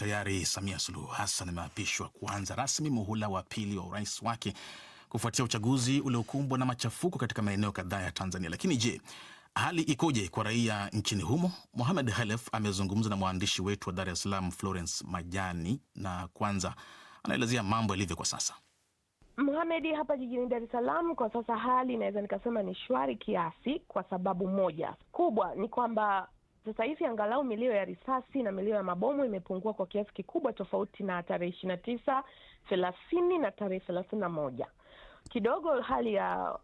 tayari Samia Suluhu Hassan ameapishwa kuanza rasmi muhula wa pili wa urais wake kufuatia uchaguzi uliokumbwa na machafuko katika maeneo kadhaa ya Tanzania. Lakini je, hali ikoje kwa raia nchini humo? Mohamed halef amezungumza na mwandishi wetu wa Dar es Salaam Florence Majani, na kwanza anaelezea mambo yalivyo kwa sasa. Mohamed, hapa jijini Dar es Salaam kwa sasa hali inaweza nikasema ni shwari kiasi, kwa sababu moja kubwa ni kwamba sasa hivi angalau milio ya risasi na milio ya mabomu imepungua kwa kiasi kikubwa, tofauti na tarehe ishirini na tisa thelathini na tarehe thelathini na moja kidogo hali ya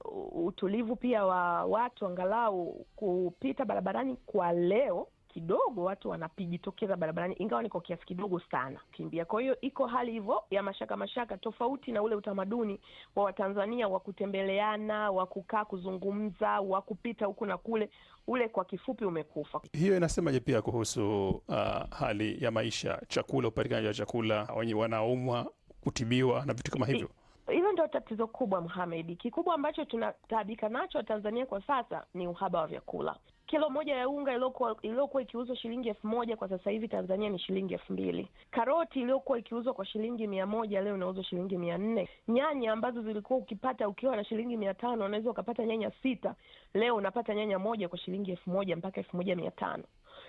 utulivu pia wa watu angalau kupita barabarani kwa leo kidogo watu wanapijitokeza barabarani, ingawa ni kwa kiasi kidogo sana kimbia. Kwa hiyo iko hali hivyo ya mashaka mashaka, tofauti na ule utamaduni wa Watanzania wa kutembeleana, wa kukaa kuzungumza, wa kupita huku na kule, ule kwa kifupi umekufa. Hiyo inasemaje pia kuhusu uh, hali ya maisha, chakula, upatikanaji wa chakula, wenye wanaumwa kutibiwa na vitu kama hivyo I hilo ndio tatizo kubwa Mohamed. Kikubwa ambacho tunataabika nacho Tanzania kwa sasa ni uhaba wa vyakula kilo moja ya unga iliyokuwa ikiuzwa shilingi elfu moja kwa sasa hivi Tanzania ni shilingi elfu mbili. Karoti iliyokuwa ikiuzwa kwa shilingi mia moja leo inauzwa shilingi mia nne. Nyanya ambazo zilikuwa ukipata ukiwa na shilingi mia tano unaweza ukapata nyanya sita, leo unapata nyanya moja kwa shilingi elfu moja mpaka elfu moja mia tano.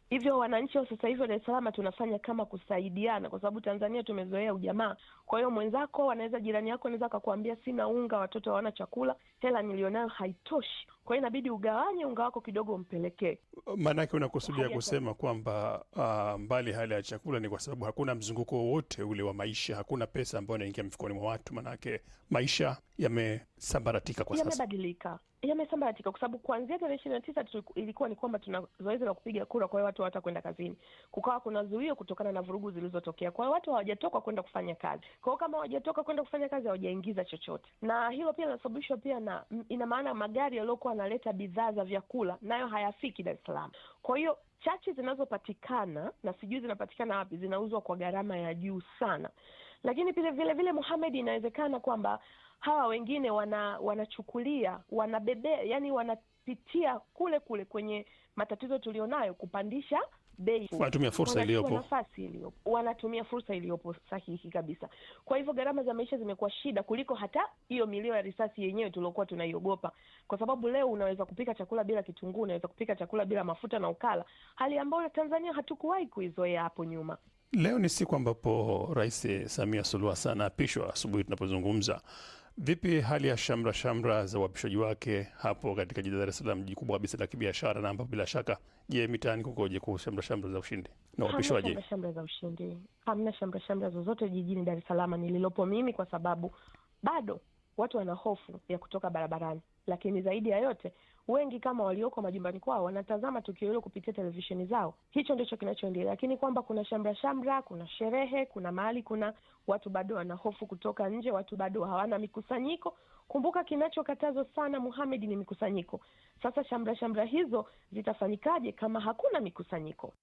Hivyo wananchi wa sasa hivi wa Dar es Salaam tunafanya kama kusaidiana, kwa sababu Tanzania tumezoea ujamaa. Kwa hiyo mwenzako anaweza, jirani yako anaweza akakuambia sina unga, watoto hawana chakula, hela nilionayo haitoshi, kwa hiyo inabidi ugawanye unga wako kidogo, mpele ipelekee. Maanake unakusudia kusema kwamba uh, mbali hali ya chakula ni kwa sababu hakuna mzunguko wowote ule wa maisha, hakuna pesa ambayo inaingia mfukoni mwa watu, maanake maisha yamesambaratika kwa sasa, yamebadilika yamesambaratika kwa sababu kuanzia tarehe ishirini na tisa ilikuwa ni kwamba tuna zoezi la kupiga kura, kwa hiyo watu hawatakwenda kazini. Kukawa kuna zuio kutokana na vurugu zilizotokea, kwa hiyo watu hawajatoka kwenda kufanya kazi. Kwa hiyo kama hawajatoka kwenda kufanya kazi, hawajaingiza chochote, na hilo pia linasababishwa pia na, ina maana magari yaliyokuwa yanaleta bidhaa za vyakula nayo hayafiki Dar es Salaam, kwa hiyo chachi zinazopatikana na sijui zinapatikana wapi, zinauzwa kwa gharama ya juu sana. Lakini pia vile vile, Mohamed, inawezekana kwamba hawa wengine wana wanachukulia wanabebea, yani wanapitia kule kule kwenye matatizo tulionayo, kupandisha bei, wanatumia fursa iliyopo, nafasi iliyopo, wanatumia fursa iliyopo. Sahihi kabisa. Kwa hivyo gharama za maisha zimekuwa shida kuliko hata hiyo milio ya risasi yenyewe tuliokuwa tunaiogopa, kwa sababu leo unaweza kupika chakula bila kitunguu, unaweza kupika chakula bila mafuta na ukala, hali ambayo Tanzania hatukuwahi kuizoea hapo nyuma. Leo ni siku ambapo Rais Samia Suluhu Hassan aapishwa. Asubuhi tunapozungumza, vipi hali ya shamra shamra za uapishaji wake hapo katika jiji la Dar es Salaam, jiji kubwa kabisa la kibiashara na ambapo bila shaka, je, mitaani kukoje kwa shamra shamra za ushindi na uapishwaji? Hamna shamra za ushindi, hamna shamra shamra zozote jijini Dar es Salaam nililopo mimi, kwa sababu bado watu wana hofu ya kutoka barabarani, lakini zaidi ya yote wengi kama walioko majumbani kwao wanatazama tukio hilo kupitia televisheni zao. Hicho ndicho kinachoendelea, lakini kwamba kuna shamra shamra, kuna sherehe, kuna mahali, kuna watu bado wana hofu kutoka nje, watu bado hawana mikusanyiko. Kumbuka kinachokatazwa sana Muhamed ni mikusanyiko. Sasa shamra shamra hizo zitafanyikaje kama hakuna mikusanyiko?